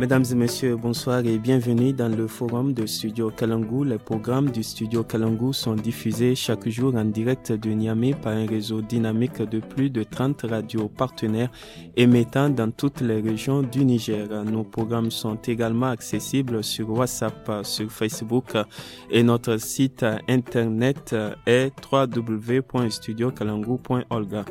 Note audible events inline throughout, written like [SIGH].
Mesdames et messieurs, bonsoir et bienvenue dans le forum de Studio Kalangu. Les programmes du Studio Kalangu sont diffusés chaque jour en direct de Niamey par un réseau dynamique de plus de 30 radios partenaires émettant dans toutes les régions du Niger. Nos programmes sont également accessibles sur WhatsApp, sur Facebook et notre site internet est www.studiokalangu.org.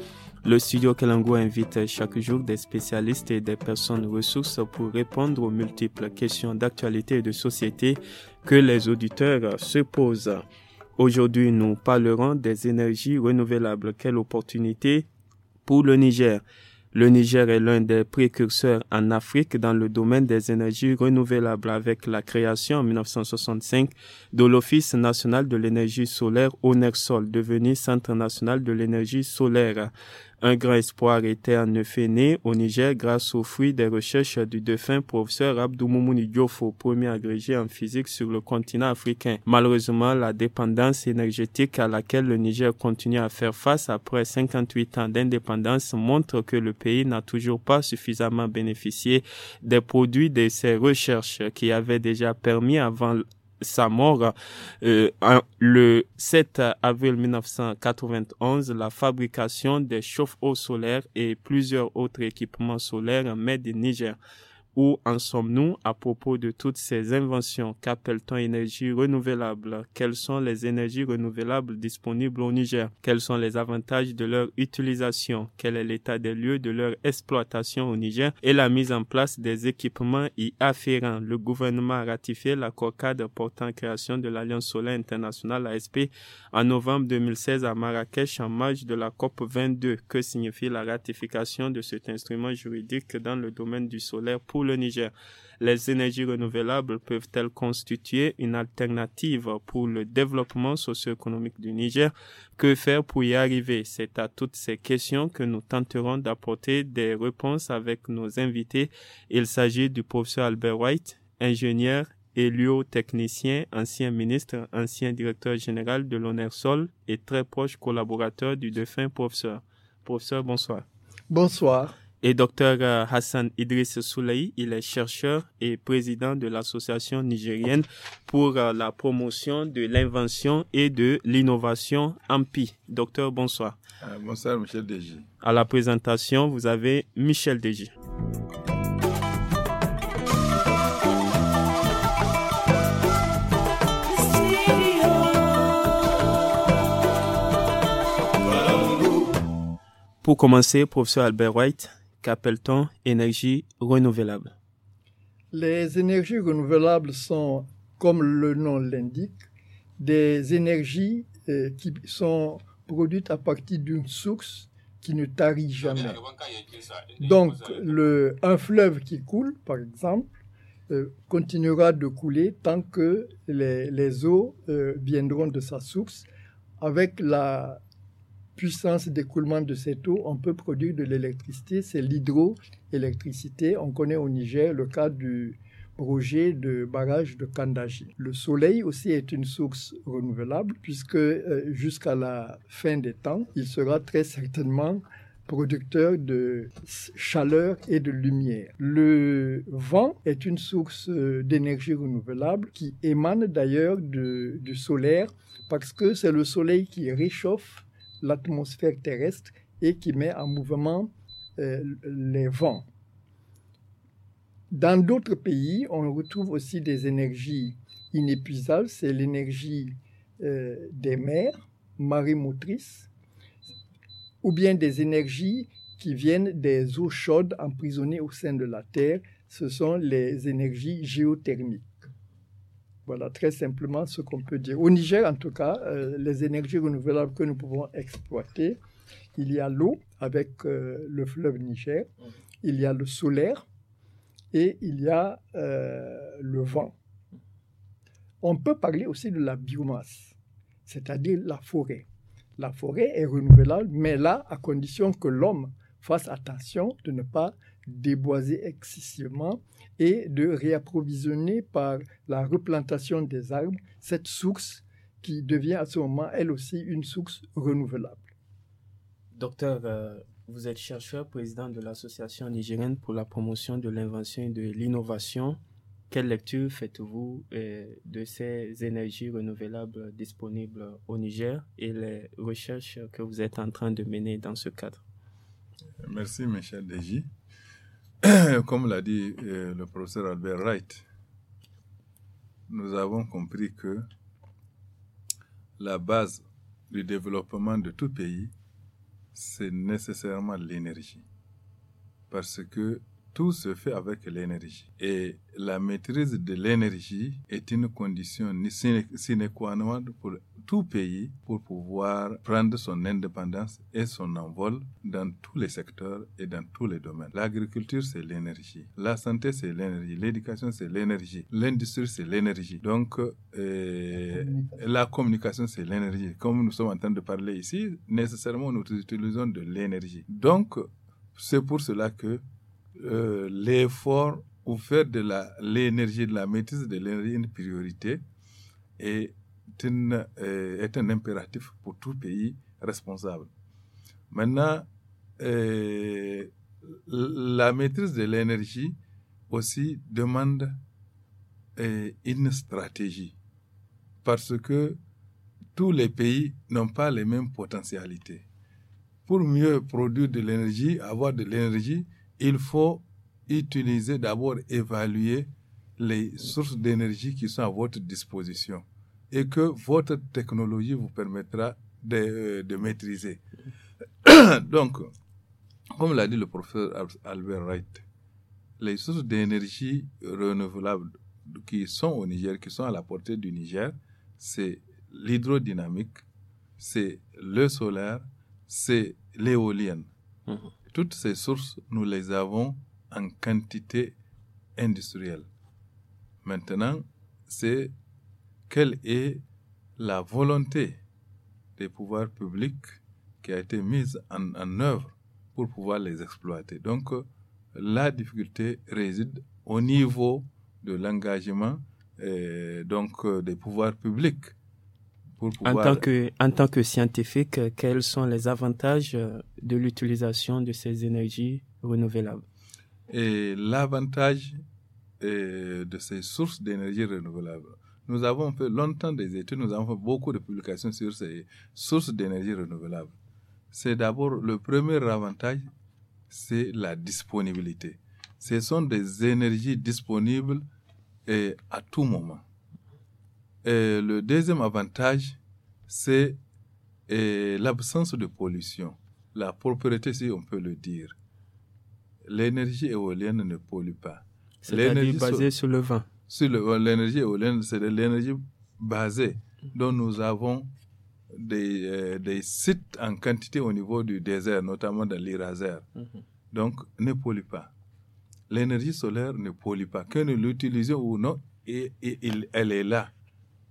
Le studio Kalango invite chaque jour des spécialistes et des personnes ressources pour répondre aux multiples questions d'actualité et de société que les auditeurs se posent. Aujourd'hui, nous parlerons des énergies renouvelables. Quelle opportunité pour le Niger. Le Niger est l'un des précurseurs en Afrique dans le domaine des énergies renouvelables avec la création en 1965 de l'Office national de l'énergie solaire ONERSOL, devenu Centre national de l'énergie solaire. Un grand espoir était en effet né au Niger grâce aux fruits des recherches du défunt professeur Abdou Moumouni premier agrégé en physique sur le continent africain. Malheureusement, la dépendance énergétique à laquelle le Niger continue à faire face après 58 ans d'indépendance montre que le pays n'a toujours pas suffisamment bénéficié des produits de ses recherches qui avaient déjà permis avant sa mort. Euh, le 7 avril 1991, la fabrication des chauffe-eau solaires et plusieurs autres équipements solaires met du Niger où en sommes-nous à propos de toutes ces inventions Qu'appelle-t-on énergie renouvelable Quelles sont les énergies renouvelables disponibles au Niger Quels sont les avantages de leur utilisation Quel est l'état des lieux de leur exploitation au Niger et la mise en place des équipements y afférents Le gouvernement a ratifié l'accord cadre portant création de l'Alliance solaire internationale ASP en novembre 2016 à Marrakech en marge de la COP 22. Que signifie la ratification de cet instrument juridique dans le domaine du solaire pour Niger. Les énergies renouvelables peuvent-elles constituer une alternative pour le développement socio-économique du Niger Que faire pour y arriver C'est à toutes ces questions que nous tenterons d'apporter des réponses avec nos invités. Il s'agit du professeur Albert White, ingénieur l'UO technicien ancien ministre, ancien directeur général de Sol et très proche collaborateur du défunt professeur. Professeur, bonsoir. Bonsoir. Et Dr euh, Hassan Idriss Soulaï, il est chercheur et président de l'association nigérienne pour euh, la promotion de l'invention et de l'innovation AMPI. Docteur, bonsoir. Ah, bonsoir, Michel Deji. À la présentation, vous avez Michel Deji. Pour commencer, professeur Albert White, qu'appelle-t-on énergie renouvelable Les énergies renouvelables sont, comme le nom l'indique, des énergies euh, qui sont produites à partir d'une source qui ne tarit jamais. Donc, un fleuve qui coule, par exemple, euh, continuera de couler tant que les, eaux euh, viendront de sa source avec la, puissance d'écoulement de cette eau, on peut produire de l'électricité. C'est l'hydroélectricité. On connaît au Niger le cas du projet de barrage de Kandaji. Le soleil aussi est une source renouvelable puisque euh, jusqu'à la fin des temps, il sera très certainement producteur de chaleur et de lumière. Le vent est une source euh, d'énergie renouvelable qui émane d'ailleurs du solaire parce que c'est le soleil qui réchauffe l'atmosphère terrestre et qui met en mouvement euh, les vents. Dans d'autres pays, on retrouve aussi des énergies inépuisables. C'est l'énergie euh, des mers, motrice, ou bien des énergies qui viennent des eaux chaudes emprisonnées au sein de la Terre. Ce sont les énergies géothermiques. Voilà très simplement ce qu'on peut dire. Au Niger, en tout cas, euh, les énergies renouvelables que nous pouvons exploiter, il y a l'eau avec euh, le fleuve Niger, il y a le solaire et il y a euh, le vent. On peut parler aussi de la biomasse, c'est-à-dire la forêt. La forêt est renouvelable, mais là, à condition que l'homme fasse attention de ne pas déboiser excessivement et de réapprovisionner par la replantation des arbres cette source qui devient à ce moment, elle aussi, une source renouvelable. Docteur, euh, vous êtes chercheur, président de l'Association nigérienne pour la promotion de l'invention et de l'innovation. Quelle lecture faites-vous euh, de ces énergies renouvelables disponibles au Niger et les recherches que vous êtes en train de mener dans ce cadre Merci, Michel Deji. [COUGHS] comme l'a dit euh, le professeur Albert Wright, nous avons compris que la base du développement de tout pays, c'est nécessairement l'énergie. Parce que tout se fait avec l'énergie. Et la maîtrise de l'énergie est une condition sine qua non pour tout pays pour pouvoir prendre son indépendance et son envol dans tous les secteurs et dans tous les domaines. L'agriculture, c'est l'énergie. La santé, c'est l'énergie. L'éducation, c'est l'énergie. L'industrie, c'est l'énergie. Donc, euh, la communication, c'est l'énergie. Comme nous sommes en train de parler ici, nécessairement, nous utilisons de l'énergie. Donc, c'est pour cela que euh, l'effort ou faire de l'énergie, de la maîtrise de l'énergie une priorité est, est euh, un impératif pour tout pays responsable. Maintenant, euh, la maîtrise de l'énergie aussi demande une stratégie parce que tous les pays n'ont pas les mêmes potentialités. Pour mieux produire de l'énergie, avoir de l'énergie, il faut utiliser d'abord, évaluer les sources d'énergie qui sont à votre disposition et que votre technologie vous permettra de, euh, de maîtriser. [COUGHS] Donc, comme l'a dit le professeur Albert Wright, les sources d'énergie renouvelables qui sont au Niger, qui sont à la portée du Niger, c'est l'hydrodynamique, c'est le solaire, c'est l'éolienne. Mm-hmm. Toutes ces sources, nous les avons en quantité industrielle. Maintenant, c'est quelle est la volonté des pouvoirs publics qui a été mise en, œuvre pour pouvoir les exploiter. Donc, euh, la difficulté réside au niveau de l'engagement euh, donc euh, des pouvoirs publics en, tant que, scientifique, euh, quels sont les avantages euh, de l'utilisation de ces énergies renouvelables Et l'avantage euh, de ces sources d'énergie renouvelable, nous avons fait longtemps des études, nous avons fait beaucoup de publications sur ces sources d'énergie renouvelable. C'est d'abord le premier avantage, c'est la disponibilité. Ce sont des énergies disponibles à tout moment le deuxième avantage, c'est eh, l'absence de pollution, la propriété, si on peut le dire. L'énergie éolienne ne pollue pas. cest L'énergie basée sur, le vent. l'énergie éolienne, c'est de l'énergie basée dont nous avons des, eh, des, sites en quantité au niveau du désert, notamment dans l'Iraser. Mhm. Donc, ne pollue pas. L'énergie solaire ne pollue pas. Que nous l'utilisions ou non, et, et, elle est là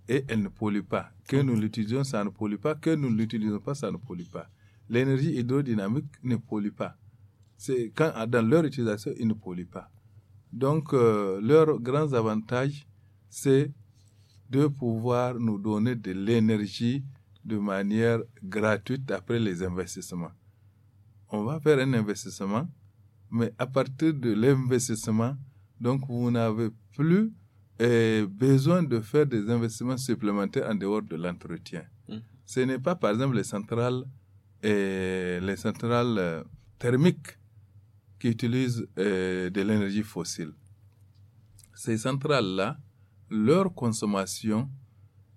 et elle ne pollue pas. Que nous l'utilisons, ça ne pollue pas. Que nous ne l'utilisons pas, ça ne pollue pas. L'énergie hydrodynamique ne pollue pas. C'est quand dans leur utilisation, il ne pollue pas. Donc, euh, leur grand avantage, c'est de pouvoir nous donner de l'énergie de manière gratuite après les investissements. On va faire un investissement, mais à partir de l'investissement, donc vous n'avez plus et besoin de faire des investissements supplémentaires en dehors de l'entretien. Mm. Ce n'est pas, par exemple, les centrales, les centrales euh, thermiques qui utilisent euh, de l'énergie fossile. Ces centrales-là, leur consommation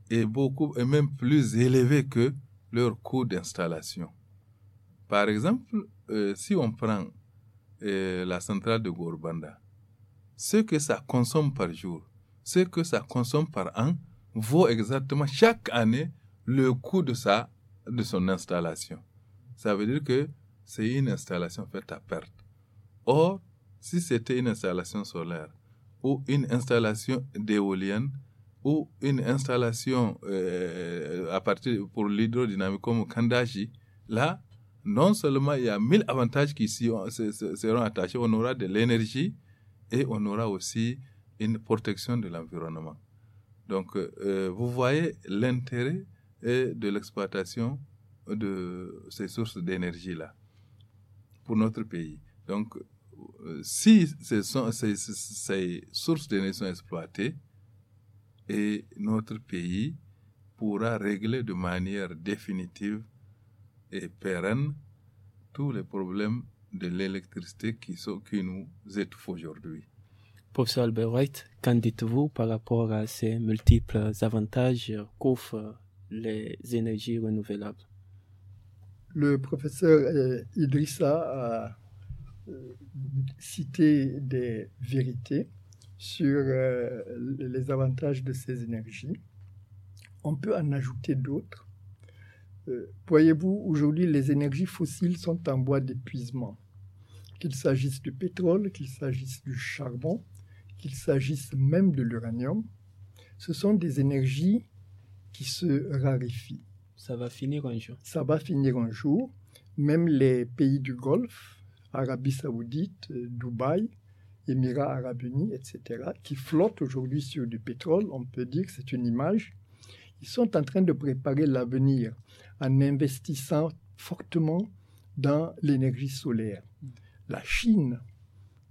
est beaucoup et même plus élevée que leur coût d'installation. Par exemple, euh, si on prend euh, la centrale de Gourbanda, ce que ça consomme par jour, ce que ça consomme par an vaut exactement chaque année le coût de, sa, de son installation. Ça veut dire que c'est une installation faite à perte. Or, si c'était une installation solaire ou une installation d'éolienne ou une installation euh, à partir pour l'hydrodynamique comme Kandaji, là, non seulement il y a mille avantages qui seront attachés, on aura de l'énergie et on aura aussi une protection de l'environnement. Donc, euh, euh, vous voyez l'intérêt euh, de l'exploitation de ces sources d'énergie-là pour notre pays. Donc, si ces, ces, sources d'énergie sont exploitées, et notre pays pourra régler de manière définitive et pérenne tous les problèmes de l'électricité qui, qui nous étouffent aujourd'hui. Professeur Albert White, qu'en dites-vous par rapport à ces multiples avantages qu'offrent les énergies renouvelables Le professeur euh, Idrissa a euh, cité des vérités sur euh, les avantages de ces énergies. On peut en ajouter d'autres. Voyez-vous, aujourd'hui, les énergies fossiles sont en voie d'épuisement qu'il s'agisse du pétrole, qu'il s'agisse du charbon, qu'il s'agisse même de l'uranium, ce sont des énergies qui se raréfient. Ça va finir un jour. Ça va finir un jour. Même les pays du Golfe, Arabie saoudite, euh, Dubaï, Émirats arabes unis, etc., qui flottent aujourd'hui sur du pétrole, on peut dire que c'est une image, ils sont en train de préparer l'avenir en investissant fortement dans l'énergie solaire. La Chine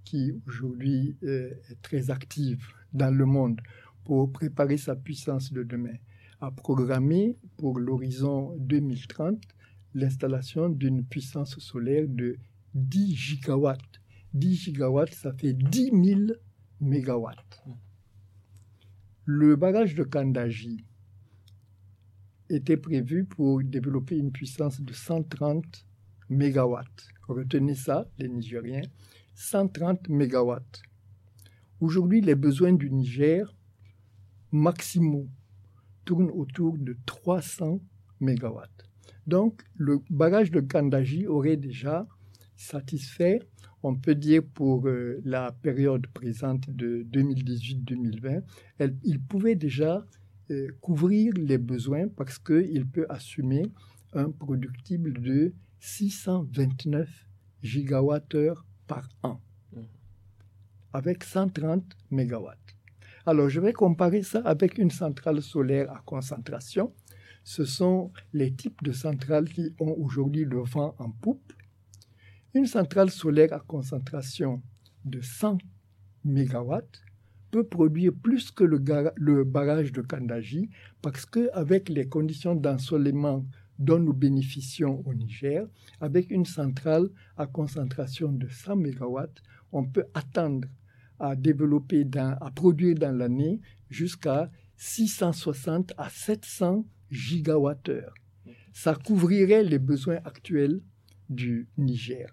qui aujourd'hui est très active dans le monde pour préparer sa puissance de demain, a programmé pour l'horizon 2030 l'installation d'une puissance solaire de 10 gigawatts. 10 gigawatts, ça fait 10 000 mégawatts. Le barrage de Kandaji était prévu pour développer une puissance de 130 mégawatts. Retenez ça, les Nigériens. 130 MW. Aujourd'hui, les besoins du Niger maximaux tournent autour de 300 MW. Donc, le barrage de Kandaji aurait déjà satisfait, on peut dire pour euh, la période présente de 2018-2020, il pouvait déjà euh, couvrir les besoins parce qu'il peut assumer un productible de 629 gigawattheures par an, mhm. avec 130 MW. Alors, je vais comparer ça avec une centrale solaire à concentration. Ce sont les types de centrales qui ont aujourd'hui le vent en poupe. Une centrale solaire à concentration de 100 MW peut produire plus que le, le barrage de Kandaji parce qu'avec les conditions d'ensoleillement dont nous bénéficions au Niger, avec une centrale à concentration de 100 MW, on peut attendre à développer, à produire dans l'année jusqu'à 660 à 700 GWh. Ça couvrirait les besoins actuels du Niger.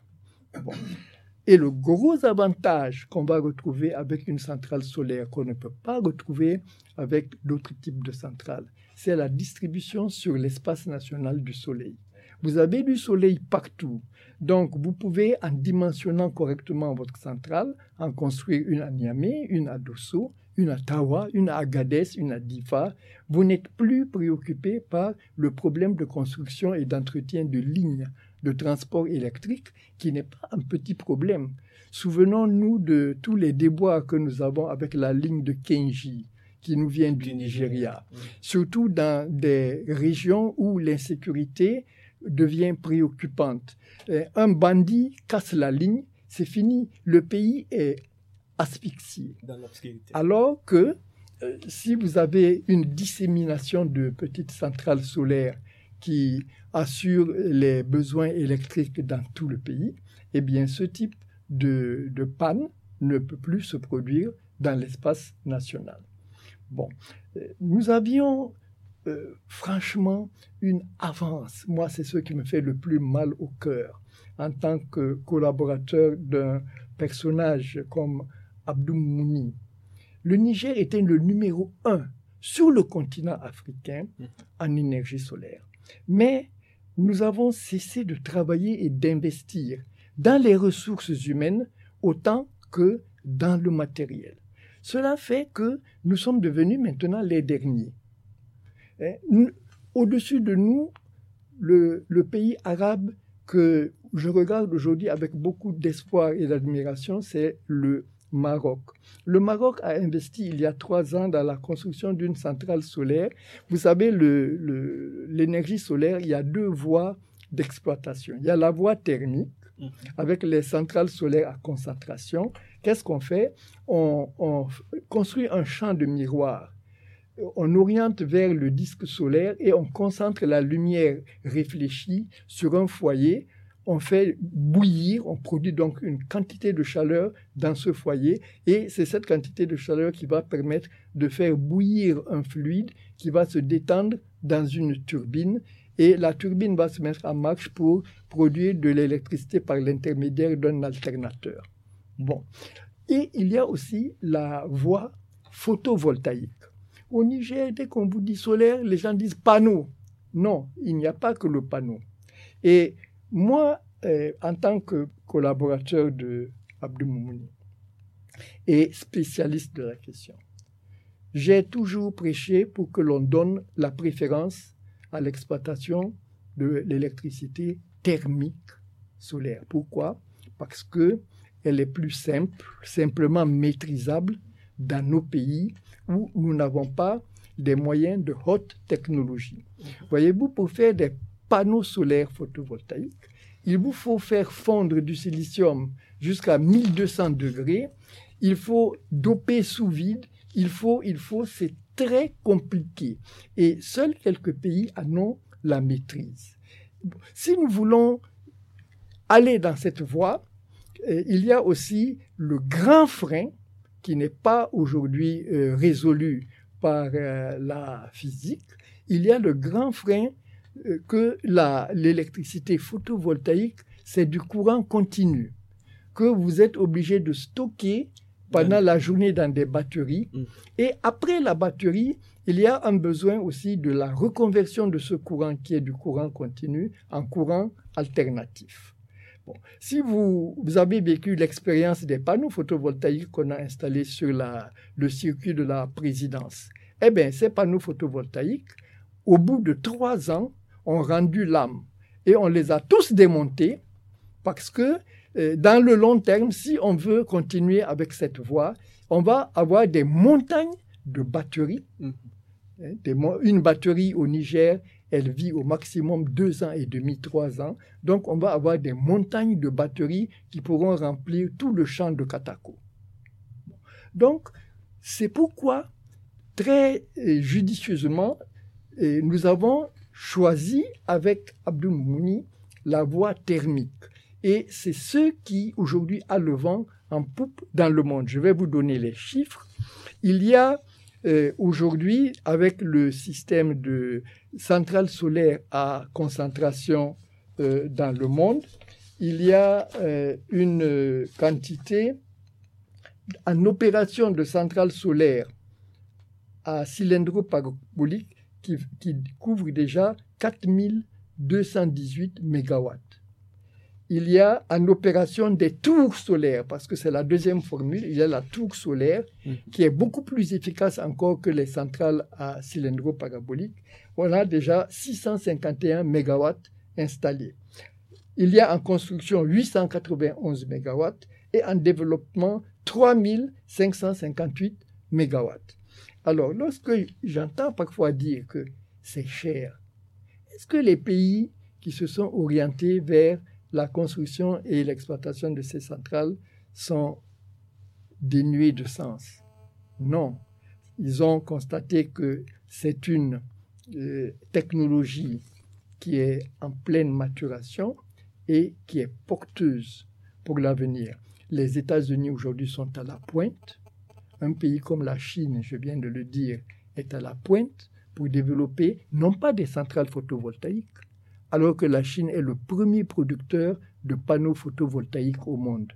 Et le gros avantage qu'on va retrouver avec une centrale solaire qu'on ne peut pas retrouver avec d'autres types de centrales, c'est la distribution sur l'espace national du Soleil. Vous avez du Soleil partout. Donc, vous pouvez, en dimensionnant correctement votre centrale, en construire une à Niamey, une à Dosso, une à Tawa, une à Agadez, une à Difa. Vous n'êtes plus préoccupé par le problème de construction et d'entretien de lignes de transport électrique, qui n'est pas un petit problème. Souvenons-nous de tous les déboires que nous avons avec la ligne de Kenji qui nous viennent du Nigeria, surtout dans des régions où l'insécurité devient préoccupante. Euh, un bandit casse la ligne, c'est fini, le pays est asphyxié. Dans Alors que euh, si vous avez une dissémination de petites centrales solaires qui assurent les besoins électriques dans tout le pays, eh bien ce type de panne ne peut plus se produire dans l'espace national. Bon, euh, nous avions euh, franchement une avance. Moi, c'est ce qui me fait le plus mal au cœur en tant que collaborateur d'un personnage comme Abdou Mouni. Le Niger était le numéro un sur le continent africain mmh. en énergie solaire. Mais nous avons cessé de travailler et d'investir dans les ressources humaines autant que dans le matériel. Cela fait que nous sommes devenus maintenant les derniers. Hein, au-dessus de nous, le, pays arabe que je regarde aujourd'hui avec beaucoup d'espoir et d'admiration, c'est le Maroc. Le Maroc a investi il y a trois ans dans la construction d'une centrale solaire. Vous savez, l'énergie solaire, il y a deux voies d'exploitation. Il y a la voie thermique mhm. avec les centrales solaires à concentration. Qu'est-ce qu'on fait on, construit un champ de miroir. On oriente vers le disque solaire et on concentre la lumière réfléchie sur un foyer. On fait bouillir, on produit donc une quantité de chaleur dans ce foyer et c'est cette quantité de chaleur qui va permettre de faire bouillir un fluide qui va se détendre dans une turbine et la turbine va se mettre en marche pour produire de l'électricité par l'intermédiaire d'un alternateur. Bon. Et il y a aussi la voie photovoltaïque. Au Niger, dès qu'on vous dit solaire, les gens disent panneau. Non, il n'y a pas que le panneau. Et moi, euh, en tant que collaborateur de Abdou et spécialiste de la question, j'ai toujours prêché pour que l'on donne la préférence à l'exploitation de l'électricité thermique solaire. Pourquoi Parce que elle est plus simple, simplement maîtrisable dans nos pays où nous n'avons pas des moyens de haute technologie. Voyez-vous, pour faire des panneaux solaires photovoltaïques, il vous faut faire fondre du silicium jusqu'à 1200 degrés, il faut doper sous vide, il faut, il faut, très compliqué et seuls quelques pays en ont la maîtrise. Si nous voulons aller dans cette voie, eh, il y a aussi le grand frein qui n'est pas aujourd'hui euh, résolu par euh, la physique. Il y a le grand frein euh, que l'électricité photovoltaïque, c'est du courant continu, que vous êtes obligé de stocker pendant mm. la journée dans des batteries. Mm. Et après la batterie, il y a un besoin aussi de la reconversion de ce courant qui est du courant continu en courant alternatif. Bon. Si vous, vous, avez vécu l'expérience des panneaux photovoltaïques qu'on a installés sur le circuit de la présidence, eh bien, ces panneaux photovoltaïques, au bout de trois ans, ont rendu l'âme et on les a tous démontés parce que euh, dans le long terme, si on veut continuer avec cette voie, on va avoir des montagnes de batteries. Mm-hmm. Hein, une batterie au Niger, elle vit au maximum deux ans et demi, trois ans. Donc, on va avoir des montagnes de batteries qui pourront remplir tout le champ de Katako. Donc, c'est pourquoi, très euh, judicieusement, euh, nous avons choisi avec Abdou Mouni la voie thermique. Et c'est ce qui, aujourd'hui, a le vent en poupe dans le monde. Je vais vous donner les chiffres. Il y a euh, aujourd'hui, avec le système de centrales solaires à concentration euh, dans le monde, il y a euh, une quantité en opération de centrales solaires à cylindre parabolique qui, couvre déjà 4218 MW il y a en opération des tours solaires, parce que c'est la deuxième formule, il y a la tour solaire mm. qui est beaucoup plus efficace encore que les centrales à cylindro parabolique. On a déjà 651 MW installés. Il y a en construction 891 MW et en développement 3558 MW. Alors, lorsque j'entends parfois dire que c'est cher, est-ce que les pays qui se sont orientés vers la construction et l'exploitation de ces centrales sont dénuées de sens. Non, ils ont constaté que c'est une euh, technologie qui est en pleine maturation et qui est porteuse pour l'avenir. Les États-Unis aujourd'hui sont à la pointe. Un pays comme la Chine, je viens de le dire, est à la pointe pour développer non pas des centrales photovoltaïques, alors que la Chine est le premier producteur de panneaux photovoltaïques au monde.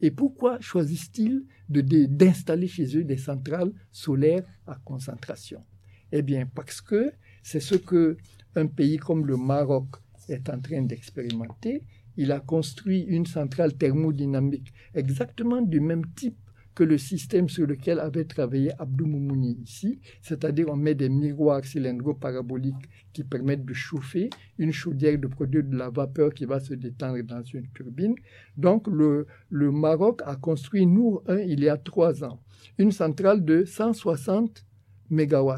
Et pourquoi choisissent-ils d'installer chez eux des centrales solaires à concentration Eh bien, parce que c'est ce que un pays comme le Maroc est en train d'expérimenter. Il a construit une centrale thermodynamique exactement du même type que le système sur lequel avait travaillé Abdou Moumouni ici, c'est-à-dire on met des miroirs cylindro-paraboliques qui permettent de chauffer une chaudière de produire de la vapeur qui va se détendre dans une turbine. Donc le, Maroc a construit nous, un il y a trois ans, une centrale de 160 MW.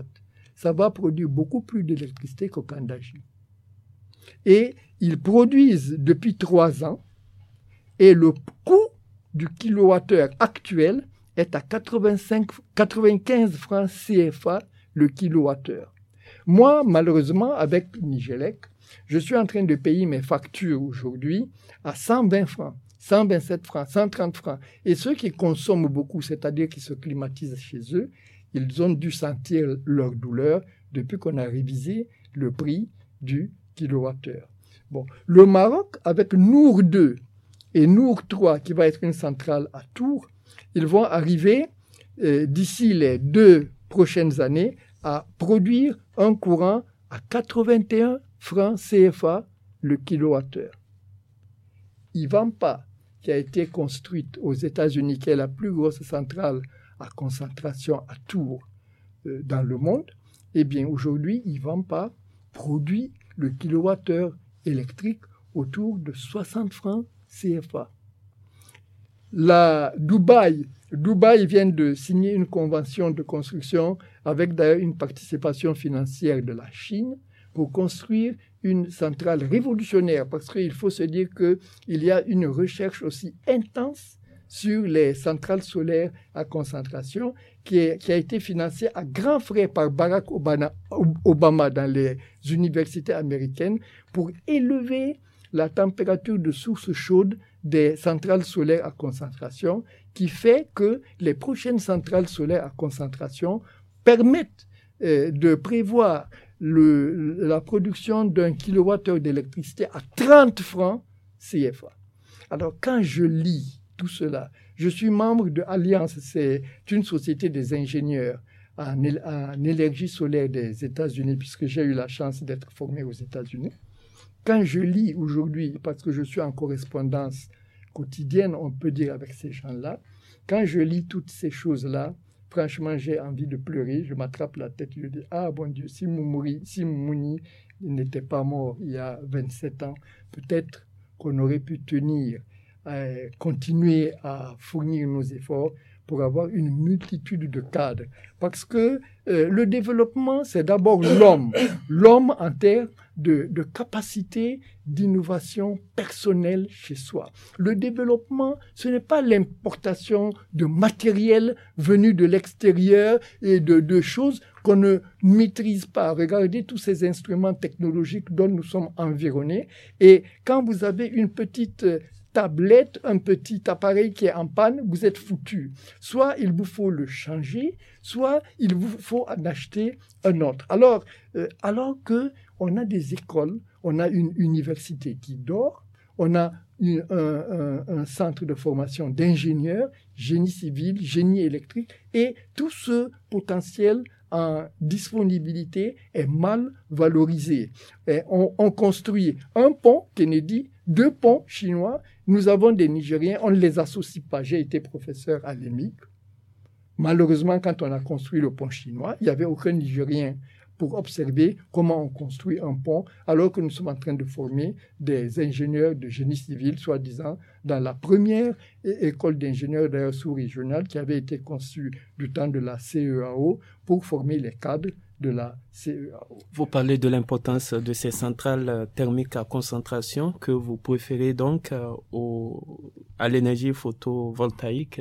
Ça va produire beaucoup plus d'électricité qu'au Kandashi. Et ils produisent depuis trois ans et le coût du kilowattheure actuel est à 95 francs CFA le kilowattheure. Moi, malheureusement, avec Nigelec, je suis en train de payer mes factures aujourd'hui à 120 francs, 127 francs, 130 francs. Et ceux qui consomment beaucoup, c'est-à-dire qui se climatisent chez eux, ils ont dû sentir leur douleur depuis qu'on a révisé le prix du kilowattheure. Bon, le Maroc, avec Nour 2, et 3, qui va être une centrale à Tours, ils vont arriver euh, d'ici les deux prochaines années à produire un courant à 81 francs CFA le kilowattheure. Ivanpa, qui a été construite aux États-Unis, qui est la plus grosse centrale à concentration à Tours euh, dans le monde, eh bien aujourd'hui, Ivanpa produit le kilowattheure électrique autour de 60 francs CFA. La Dubaï, Dubaï vient de signer une convention de construction avec d'ailleurs une participation financière de la Chine pour construire une centrale révolutionnaire parce qu'il faut se dire qu'il y a une recherche aussi intense sur les centrales solaires à concentration qui, a été financée à grands frais par Barack Obama dans les universités américaines pour élever la température de source chaude des centrales solaires à concentration qui fait que les prochaines centrales solaires à concentration permettent euh, de prévoir la production d'un kilowattheure d'électricité à 30 francs CFA. Alors quand je lis tout cela, je suis membre de Alliance, c'est une société des ingénieurs en énergie solaire des États-Unis, puisque j'ai eu la chance d'être formé aux États-Unis. Quand je lis aujourd'hui, parce que je suis en correspondance quotidienne, on peut dire, avec ces gens-là, quand je lis toutes ces choses-là, franchement, j'ai envie de pleurer, je m'attrape la tête, je dis, ah bon Dieu, si Moumouni, si n'était pas mort il y a 27 ans, peut-être qu'on aurait pu tenir, euh, continuer à fournir nos efforts, pour avoir une multitude de cadres. Parce que euh, le développement, c'est d'abord l'homme. [COUGHS] L'homme en termes de, de capacité d'innovation personnelle chez soi. Le développement, ce n'est pas l'importation de matériel venu de l'extérieur et de, de choses qu'on ne maîtrise pas. Regardez tous ces instruments technologiques dont nous sommes environnés. Et quand vous avez une petite tablette, un petit appareil qui est en panne, vous êtes foutu. Soit il vous faut le changer, soit il vous faut en acheter un autre. Alors, euh, alors que on a des écoles, on a une université qui dort, on a un, centre de formation d'ingénieurs, génie civil, génie électrique, et tout ce potentiel en disponibilité est mal valorisé. Et on construit un pont, Kennedy, deux ponts chinois. Nous avons des Nigériens, on ne les associe pas. J'ai été professeur à l'EMIC. Malheureusement, quand on a construit le pont chinois, il n'y avait aucun Nigérien pour observer comment on construit un pont, alors que nous sommes en train de former des ingénieurs de génie civil, soi-disant, dans la première école d'ingénieurs d'ailleurs sous-régionale qui avait été conçue du temps de la CEAO pour former les cadres de la e Vous parlez de l'importance de ces centrales euh, thermiques à concentration que vous préférez donc euh, à l'énergie photovoltaïque.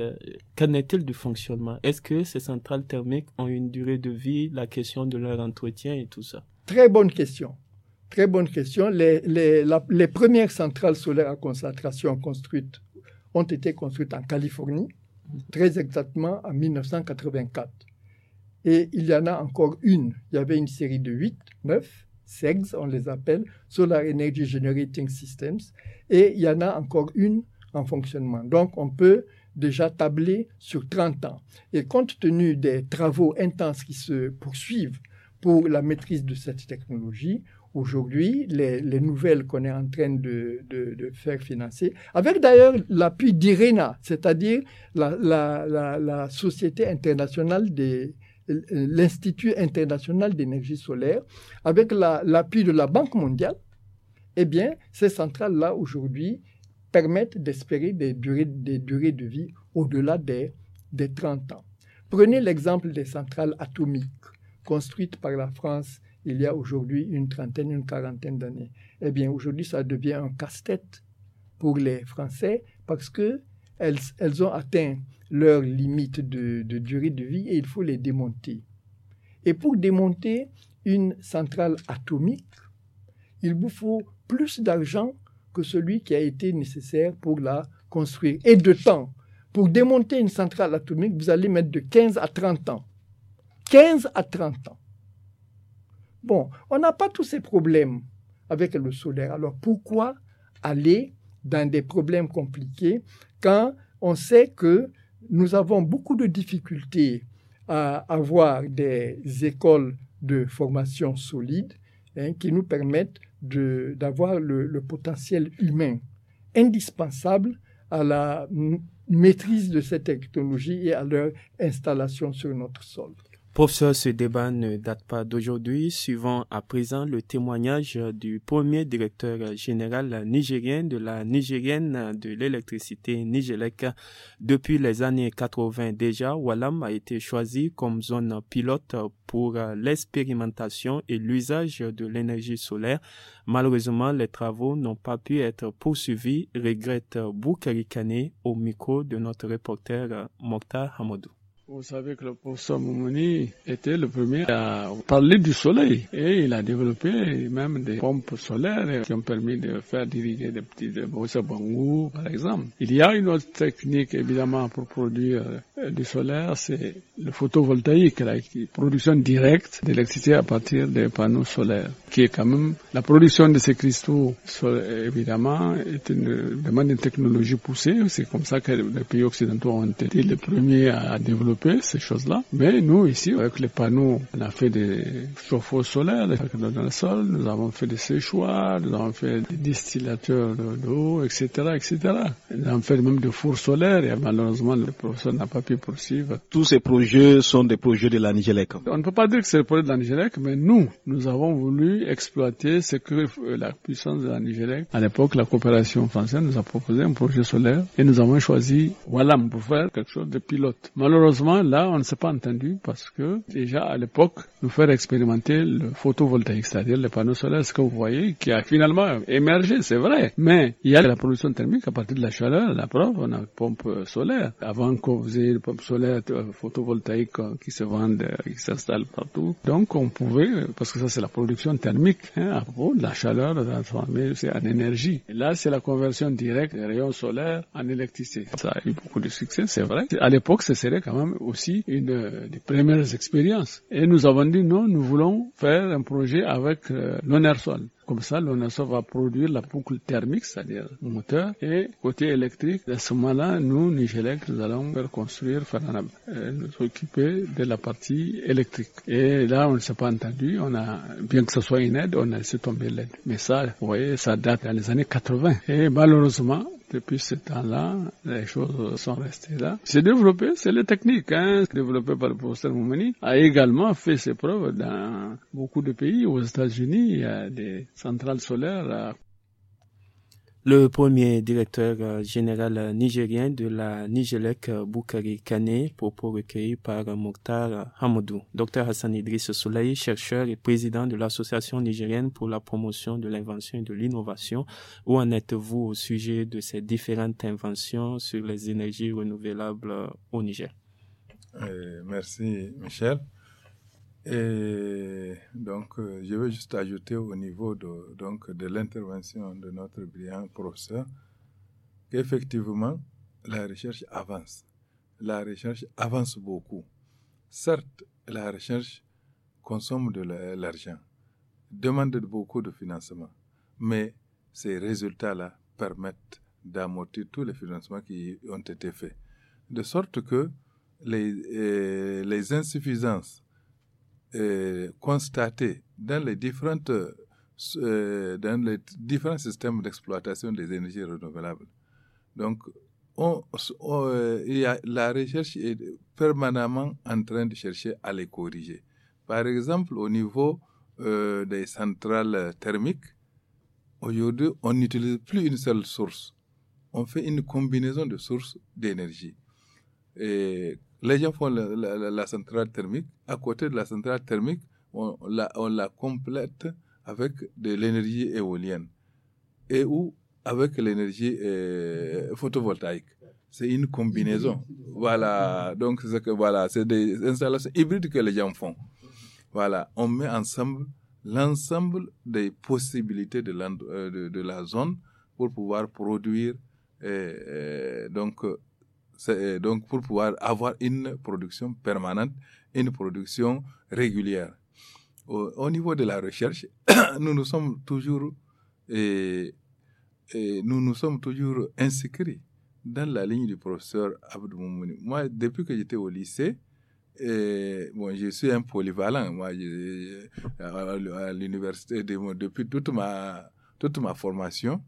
Qu'en est-il du fonctionnement Est-ce que ces centrales thermiques ont une durée de vie La question de leur entretien et tout ça Très bonne question. Très bonne question. Les, les, les premières centrales solaires à concentration construites ont été construites en Californie, très exactement en 1984. Et il y en a encore une. Il y avait une série de 8, 9, SEGS, on les appelle, Solar Energy Generating Systems. Et il y en a encore une en fonctionnement. Donc, on peut déjà tabler sur 30 ans. Et compte tenu des travaux intenses qui se poursuivent pour la maîtrise de cette technologie, aujourd'hui, les, nouvelles qu'on est en train de, de, faire financer, avec d'ailleurs l'appui d'IRENA, c'est-à-dire la, la Société internationale des, l'Institut international d'énergie solaire, avec l'appui de la Banque mondiale, eh bien, ces centrales-là, aujourd'hui, permettent d'espérer des durées, de vie au-delà des, des 30 ans. Prenez l'exemple des centrales atomiques construites par la France il y a aujourd'hui une trentaine, une quarantaine d'années. Eh bien, aujourd'hui, ça devient un casse-tête pour les Français parce que elles, ont atteint leur limite de, durée de vie et il faut les démonter. Et pour démonter une centrale atomique, il vous faut plus d'argent que celui qui a été nécessaire pour la construire et de temps. Pour démonter une centrale atomique, vous allez mettre de 15 à 30 ans. 15 à 30 ans. Bon, on n'a pas tous ces problèmes avec le solaire. Alors pourquoi aller dans des problèmes compliqués quand on sait que nous avons beaucoup de difficultés à avoir des écoles de formation solides hein, qui nous permettent d'avoir le, potentiel humain indispensable à la maîtrise de cette technologie et à leur installation sur notre sol. Professeur, ce débat ne date pas d'aujourd'hui, suivant à présent le témoignage du premier directeur général nigérien de la Nigérienne de l'électricité Nigelec. Depuis les années 80 déjà, Walam a été choisi comme zone pilote pour l'expérimentation et l'usage de l'énergie solaire. Malheureusement, les travaux n'ont pas pu être poursuivis, regrette Boukarikane au micro de notre reporter Mokta Hamadou. Vous savez que le professeur était le premier à parler du soleil et il a développé même des pompes solaires qui ont permis de faire diriger des petits Bangou, par exemple. Il y a une autre technique, évidemment, pour produire euh, du solaire, c'est le photovoltaïque, la production directe d'électricité à partir des panneaux solaires, qui est quand même la production de ces cristaux, évidemment, est une demande technologie poussée. C'est comme ça que les pays occidentaux ont été les premiers à développer ces choses-là. Mais nous, ici, avec les panneaux, on a fait des chauffe-eau solaires dans le sol, nous avons fait des séchoirs, nous avons fait des distillateurs d'eau, etc., etc. Nous avons fait même des fours solaires et malheureusement, le professeur n'a pas pu poursuivre. Tous ces projets sont des projets de la Nigélec. On ne peut pas dire que c'est le projet de la Nigélec, mais nous, nous avons voulu exploiter ce que la puissance de la Nigélec. À l'époque, la coopération française nous a proposé un projet solaire et nous avons choisi Wallam pour faire quelque chose de pilote. Malheureusement, là, on ne s'est pas entendu parce que déjà à l'époque, nous faire expérimenter le photovoltaïque, c'est-à-dire les panneaux solaires, ce que vous voyez, qui a finalement émergé, c'est vrai. Mais il y a la production thermique à partir de la chaleur. La preuve, on a une pompe solaire. Avant qu'on faisait une pompe solaire euh, photovoltaïque euh, qui se vendent, euh, qui s'installe partout. Donc on pouvait, parce que ça c'est la production thermique, hein, à propos de la chaleur transformée en énergie. là, c'est la conversion directe des rayons solaires en électricité. Ça a eu beaucoup de succès, c'est vrai. À l'époque, ce serait quand même aussi une euh, des premières expériences. Et nous avons dit non, nous voulons faire un projet avec euh, l'ONERSOL. Comme ça, l'ONERSOL va produire la boucle thermique, c'est-à-dire le moteur, et côté électrique, à ce moment-là, nous, Nigelec, nous allons faire construire nous occuper de la partie électrique. Et là, on ne s'est pas entendu, on a, bien que ce soit une aide, on a laissé tomber l'aide. Mais ça, vous voyez, ça date des années 80. Et malheureusement, depuis ce temps-là, les choses sont restées là. C'est développé, c'est les techniques, hein, développées par le professeur Moumeni, a également fait ses preuves dans beaucoup de pays. Aux États-Unis, il y a des centrales solaires euh, le premier directeur euh, général euh, nigérien de la Nigelec, euh, Bukari Kane, propos recueilli par Mokhtar Hamoudou. Dr Hassan Idriss Soulaï, chercheur et président de l'Association nigérienne pour la promotion de l'invention et de l'innovation. Où en êtes-vous au sujet de ces différentes inventions sur les énergies renouvelables au Niger? merci, Michel. Et donc, euh, je veux juste ajouter au niveau de, donc, de l'intervention de notre brillant professeur qu'effectivement, la recherche avance. La recherche avance beaucoup. Certes, la recherche consomme de l'argent, demande beaucoup de financement, mais ces résultats-là permettent d'amortir tous les financements qui ont été faits. De sorte que les euh, insuffisances euh, constaté dans les différentes euh, euh, dans les différents systèmes d'exploitation des énergies renouvelables. Donc, on, il y a, la recherche est permanemment en train de chercher à les corriger. Par exemple, au niveau des centrales thermiques, aujourd'hui, on n'utilise plus une seule source. On fait une combinaison de sources d'énergie. Et les gens font la, centrale thermique. À côté de la centrale thermique, on, la, complète avec de l'énergie éolienne et ou avec l'énergie euh, photovoltaïque. C'est une combinaison. Voilà. Donc, c'est que, voilà, c'est des installations hybrides que les gens font. Voilà. On met ensemble l'ensemble des possibilités de, euh, de, la zone pour pouvoir produire euh, donc euh, donc pour pouvoir avoir une production permanente, une production régulière. Au, niveau de la recherche, [COUGHS] nous nous sommes toujours et, euh, euh, nous nous sommes toujours inscrits dans la ligne du professeur Abdou Moumouni. Moi, depuis que j'étais au lycée, bon, je suis un polyvalent. Moi, à l'université, depuis toute ma, toute ma formation,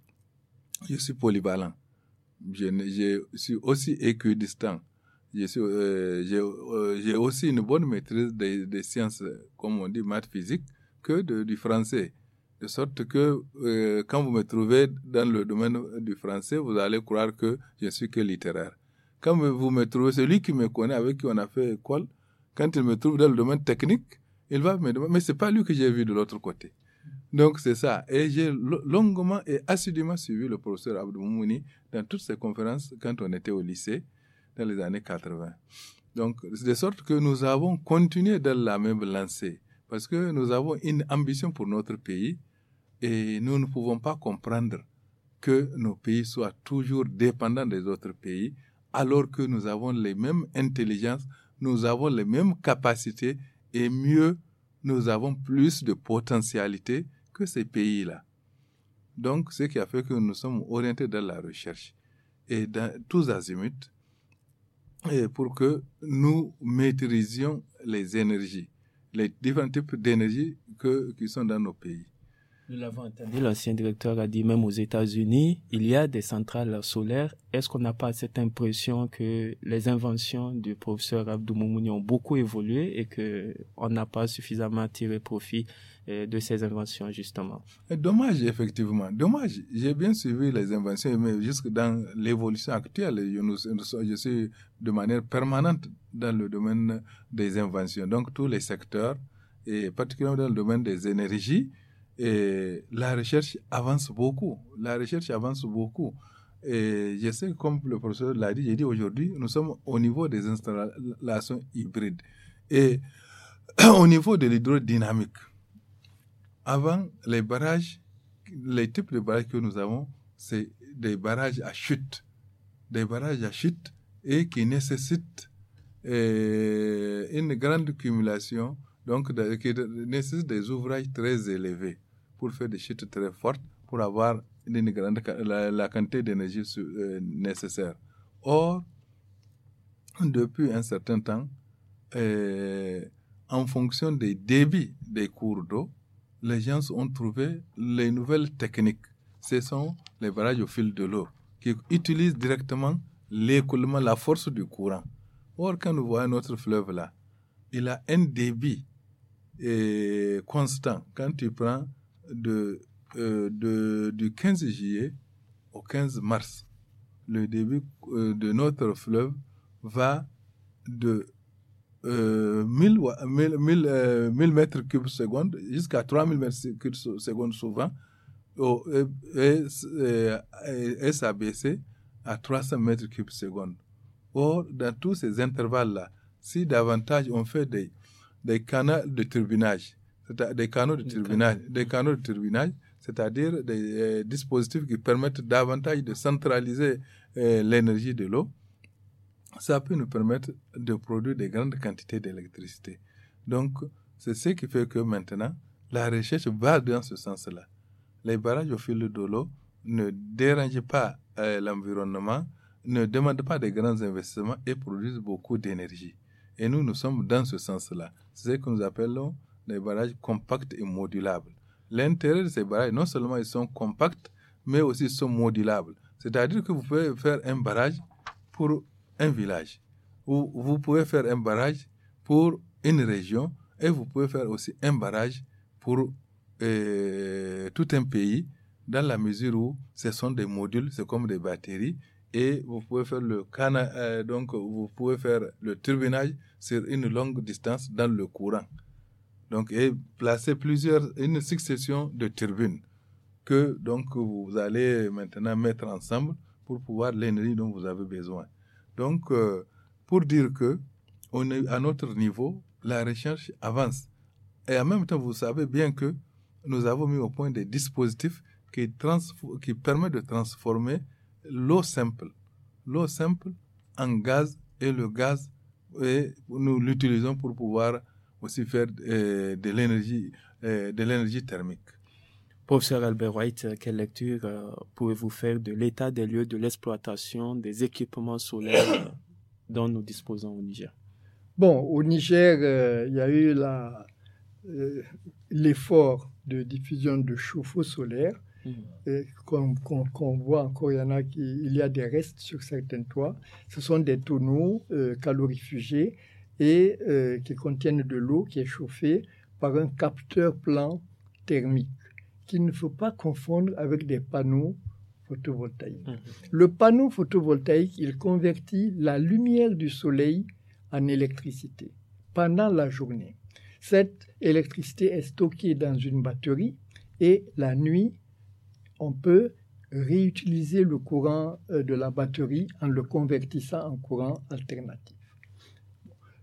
je suis polyvalent je, suis aussi équidistant. Euh, euh, j'ai, aussi une bonne maîtrise des, sciences, comme on dit, maths, physique, que du français. De sorte que euh, quand vous me trouvez dans le domaine du français, vous allez croire que je ne suis que littéraire. Quand vous me trouvez, celui qui me connaît, avec qui on a fait école, quand il me trouve dans le domaine technique, il va me demander, mais c'est pas lui que j'ai vu de l'autre côté. Donc c'est ça. Et j'ai longuement et assidûment suivi le professeur Abdou Moumouni dans toutes ses conférences quand on était au lycée dans les années 80. Donc de sorte que nous avons continué dans la même lancée parce que nous avons une ambition pour notre pays et nous ne pouvons pas comprendre que nos pays soient toujours dépendants des autres pays alors que nous avons les mêmes intelligences, nous avons les mêmes capacités et mieux, nous avons plus de potentialités ces pays-là. Donc, ce qui a fait que nous sommes orientés dans la recherche et dans tous azimuts et pour que nous maîtrisions les énergies, les différents types d'énergie qui sont dans nos pays. Nous l'avons entendu, l'ancien directeur a dit même aux États-Unis, il y a des centrales solaires. Est-ce qu'on n'a pas cette impression que les inventions du professeur Abdou Moumouni ont beaucoup évolué et que on n'a pas suffisamment tiré profit de ces inventions, justement. Dommage, effectivement. Dommage. J'ai bien suivi les inventions, mais jusque dans l'évolution actuelle, je, suis de manière permanente dans le domaine des inventions. Donc, tous les secteurs, et particulièrement dans le domaine des énergies, et la recherche avance beaucoup. La recherche avance beaucoup. Et je sais, comme le professeur l'a dit, j'ai dit aujourd'hui, nous sommes au niveau des installations hybrides. Et [CLEARS THROAT] au niveau de l'hydrodynamique, avant, les barrages, les types de barrages que nous avons, c'est des barrages à chute. Des barrages à chute et qui nécessitent euh, une grande accumulation, donc qui nécessitent des ouvrages très élevés pour faire des chutes très fortes, pour avoir une grande, la, quantité d'énergie euh, nécessaire. Or, depuis un certain temps, euh, en fonction des débits des cours d'eau, les gens ont trouvé les nouvelles techniques. Ce sont les barrages au fil de l'eau qui utilisent directement l'écoulement, la force du courant. Or, quand nous voyons notre fleuve là, il a un débit euh, constant. Quand tu prends de, euh, de, du 15 juillet au 15 mars, le débit euh, de notre fleuve va de 1000, 1000, 1000, mètres cubes secondes jusqu'à 3000 mètres cubes secondes souvent euh, euh, et, s'abaisser à 300 mètres cubes secondes. Or, dans tous ces intervalles-là, si davantage on fait des, des canaux de turbinage, des canaux de des canaux de turbinage, c'est-à-dire des euh, dispositifs qui permettent davantage de centraliser l'énergie de l'eau, ça peut nous permettre de produire de grandes quantités d'électricité. Donc, c'est ce qui fait que maintenant, la recherche va dans ce sens-là. Les barrages au fil de l'eau ne dérangent pas euh, l'environnement, ne demandent pas de grands investissements et produisent beaucoup d'énergie. Et nous, nous sommes dans ce sens-là. C'est ce que nous appelons les barrages compacts et modulables. L'intérêt de ces barrages, non seulement ils sont compacts, mais aussi ils sont modulables. C'est-à-dire que vous pouvez faire un barrage pour un village, où vous pouvez faire un barrage pour une région, et vous pouvez faire aussi un barrage pour euh, tout un pays, dans la mesure où ce sont des modules, c'est comme des batteries, et vous pouvez faire le cana euh, donc vous pouvez faire le turbinage sur une longue distance dans le courant. Donc, et placer plusieurs, une succession de turbines que donc vous allez maintenant mettre ensemble pour pouvoir l'énergie dont vous avez besoin. Donc, euh, pour dire que à notre niveau, la recherche avance. Et en même temps, vous savez bien que nous avons mis au point des dispositifs qui, permettent de transformer l'eau simple, l'eau simple en gaz et le gaz, nous l'utilisons pour pouvoir aussi faire euh, de l'énergie, euh, de l'énergie thermique. Professeur Albert White, euh, quelle lecture euh, pouvez-vous faire de l'état des lieux de l'exploitation des équipements solaires euh, dont nous disposons au Niger Bon, au Niger, il y a eu l'effort de diffusion de chauffe-eau solaire. Hmm. qu'on voit encore, il y a des restes sur certains toits. Ce sont des tonneaux calorifugés et qui contiennent de l'eau qui est chauffée par un capteur plan thermique qu'il ne faut pas confondre avec des panneaux photovoltaïques. Mmh. Le panneau photovoltaïque, il convertit la lumière du soleil en électricité pendant la journée. Cette électricité est stockée dans une batterie et la nuit, on peut réutiliser le courant euh, de la batterie en le convertissant en courant alternatif.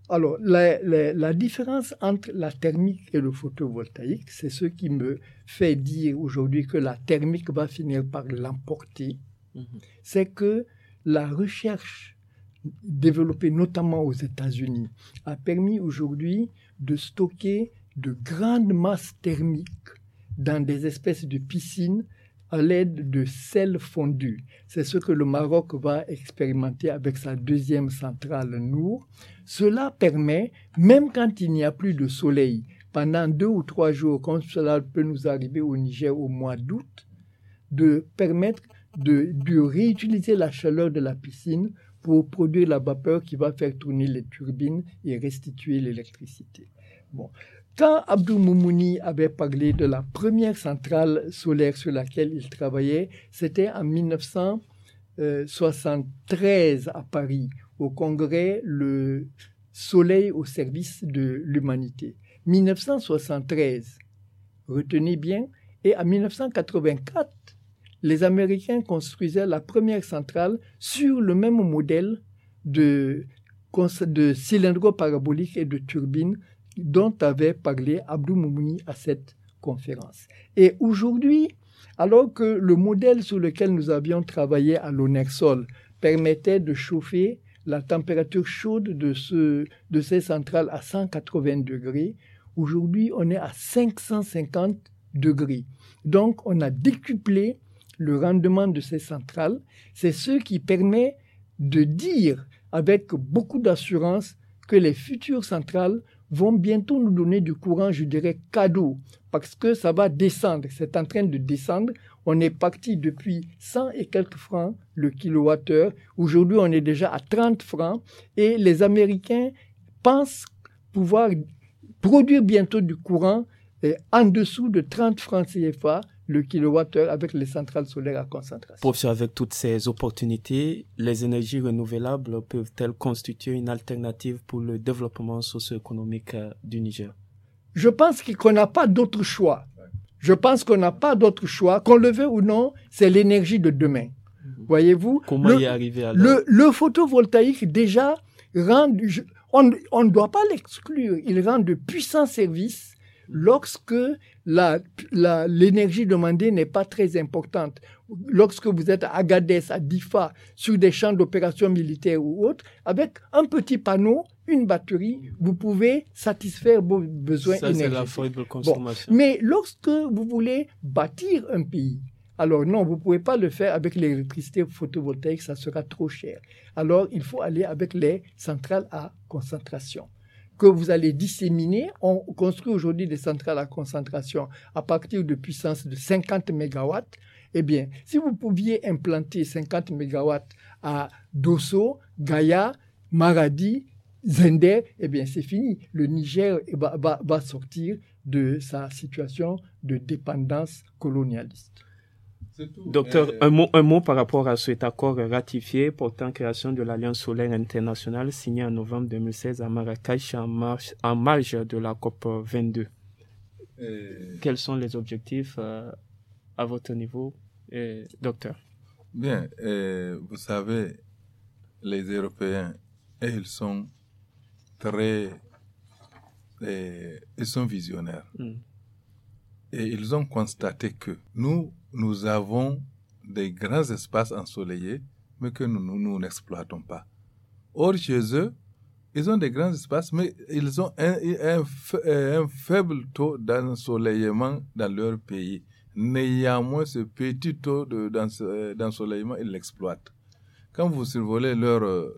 Alors, la, différence entre la thermique et le photovoltaïque, c'est ce qui me fait dire aujourd'hui que la thermique va finir par l'emporter, mhm. c'est que la recherche développée notamment aux États-Unis a permis aujourd'hui de stocker de grandes masses thermiques dans des espèces de piscines à l'aide de sel fondu. C'est ce que le Maroc va expérimenter avec sa deuxième centrale Nour. Cela permet, même quand il n'y a plus de soleil, pendant deux ou trois jours, comme cela peut nous arriver au Niger au mois d'août, de permettre de, de réutiliser la chaleur de la piscine pour produire la vapeur qui va faire tourner les turbines et restituer l'électricité. Bon. Quand Abdou Moumouni avait parlé de la première centrale solaire sur laquelle il travaillait, c'était en 1973 à Paris, au congrès Le Soleil au service de l'humanité. 1973, retenez bien, et en 1984, les Américains construisaient la première centrale sur le même modèle de, de cylindro parabolique et de turbine dont avait parlé Abdou Moumouni à cette conférence. Et aujourd'hui, alors que le modèle sur lequel nous avions travaillé à l'ONEXOL permettait de chauffer la température chaude de, de ces centrales à 180 degrés, aujourd'hui on est à 550 degrés. Donc on a décuplé le rendement de ces centrales. C'est ce qui permet de dire avec beaucoup d'assurance que les futures centrales vont bientôt nous donner du courant, je dirais, cadeau, parce que ça va descendre, c'est en train de descendre. On est parti depuis 100 et quelques francs le kilowattheure. Aujourd'hui, on est déjà à 30 francs et les Américains pensent pouvoir produire bientôt du courant euh, en dessous de 30 francs CFA le kilowattheure avec les centrales solaires à concentration. Professeur, avec toutes ces opportunités, les énergies renouvelables peuvent-elles constituer une alternative pour le développement socio-économique euh, du Niger Je pense qu'on n'a pas d'autre choix. Je pense qu'on n'a pas d'autre choix. Qu'on le veuille ou non, c'est l'énergie de demain. Mhm. Voyez-vous Comment y arriver à le, le photovoltaïque, déjà, rend, on ne doit pas l'exclure. Il rend de puissants services lorsque l'énergie demandée n'est pas très importante. Lorsque vous êtes à Gades, à Difa, sur des champs d'opérations militaires ou autres, avec un petit panneau, une batterie, vous pouvez satisfaire vos besoins Ça, c'est La faible consommation. Mais lorsque vous voulez bâtir un pays, alors non, vous ne pouvez pas le faire avec l'électricité photovoltaïque, ça sera trop cher. Alors il faut aller avec les centrales à concentration que vous allez disséminer. On construit aujourd'hui des centrales à concentration à partir de puissance de 50 MW. Eh bien, si vous pouviez implanter 50 MW à Dosso, Gaïa, Maradi, Zender, eh bien, c'est fini. Le Niger va, va sortir de sa situation de dépendance colonialiste. Docteur, un, mot, un mot par rapport à cet accord ratifié portant création de l'Alliance solaire internationale signée en novembre 2016 à Marrakech en, marge, en marge de la COP 22. Quels sont les objectifs euh, à votre niveau, euh, docteur Bien, vous savez, les Européens, ils sont très... ils sont visionnaires. Mm. Et ils ont constaté que nous, nous avons des grands espaces ensoleillés, mais que nous, n'exploitons pas. Or, chez eux, ils ont des grands espaces, mais ils ont un, un, faible taux d'ensoleillement dans leur pays. moins ce petit taux d'ensoleillement, ils l'exploitent quand vous survolez euh, euh,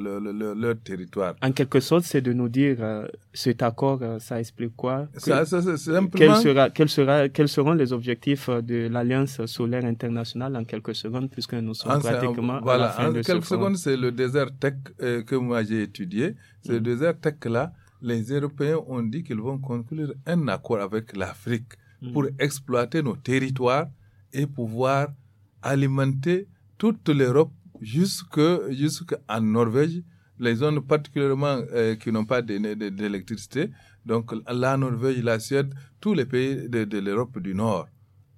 leur, leur, territoire. En quelque sorte, c'est de nous dire euh, cet accord, ça explique quoi ça, simplement... quels, sera, quel sera, quels seront les objectifs de l'Alliance solaire internationale en quelques secondes, puisque nous sommes pratiquement à la fin en quelques secondes, c'est le désert tech que moi j'ai étudié. Ce mm. désert tech là. Les Européens ont dit qu'ils vont conclure un accord avec l'Afrique mm. pour exploiter nos territoires et pouvoir alimenter toute l'Europe jusque jusqu'en Norvège, les zones particulièrement euh, qui n'ont pas d'électricité, donc la Norvège, la Suède, tous les pays de, de l'Europe du Nord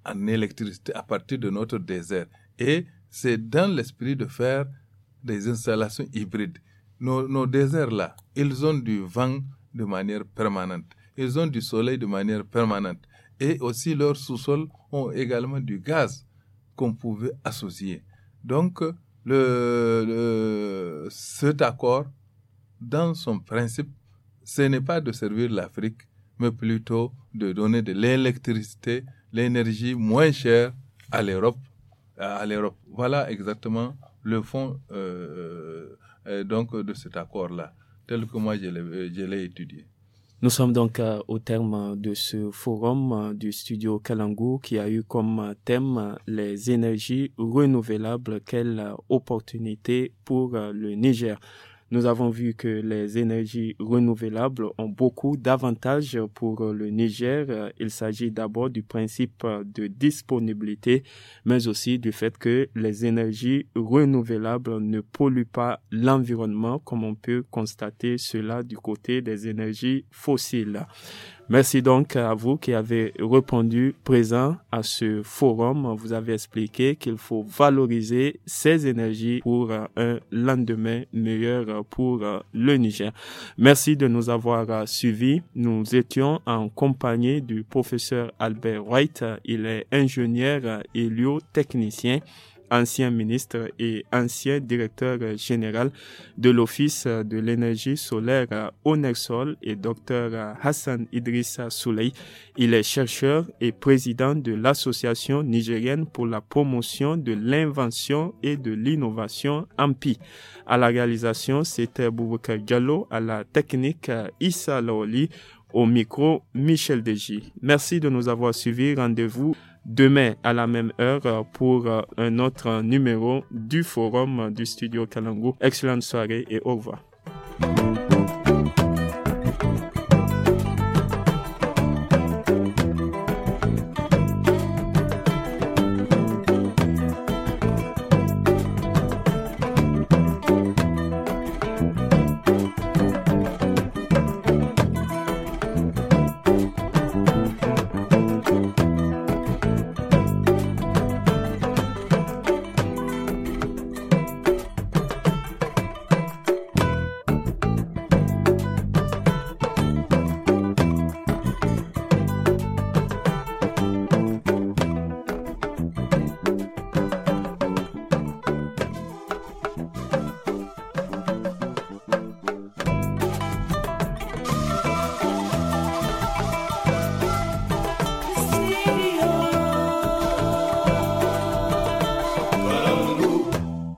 en électricité à partir de notre désert. Et c'est dans l'esprit de faire des installations hybrides. Nos, nos déserts-là, ils ont du vent de manière permanente. Ils ont du soleil de manière permanente. Et aussi, leurs sous-sols ont également du gaz qu'on pouvait associer. Donc, le, cet accord, dans son principe, ce n'est pas de servir l'Afrique, mais plutôt de donner de l'électricité, l'énergie moins chère à l'Europe. À l'Europe. Voilà exactement le fond euh, euh, euh, donc de cet accord-là, tel que moi je l'ai étudié. Nous sommes donc euh, au terme euh, de ce forum euh, du studio Kalangu qui a eu comme thème les énergies renouvelables, quelle opportunité pour le Niger. Nous avons vu que les énergies renouvelables ont beaucoup d'avantages pour le Niger. Il s'agit d'abord du principe de disponibilité, mais aussi du fait que les énergies renouvelables ne polluent pas l'environnement comme on peut constater cela du côté des énergies fossiles. Merci donc à vous qui avez répondu présent à ce forum. Vous avez expliqué qu'il faut valoriser ces énergies pour un lendemain meilleur pour le Niger. Merci de nous avoir suivis. Nous étions en compagnie du professeur Albert White. Il est ingénieur et technicien ancien ministre et ancien directeur général de l'Office de l'énergie solaire au et Dr Hassan Idrissa Souley. Il est chercheur et président de l'Association nigérienne pour la promotion de l'invention et de l'innovation AMPI. À la réalisation, c'était Boubouka Diallo à la technique Issa Laoli au micro Michel Deji. Merci de nous avoir suivis. Rendez-vous demain à la même heure pour euh, un autre numéro du forum du studio Kalangu. Excellente soirée et au revoir.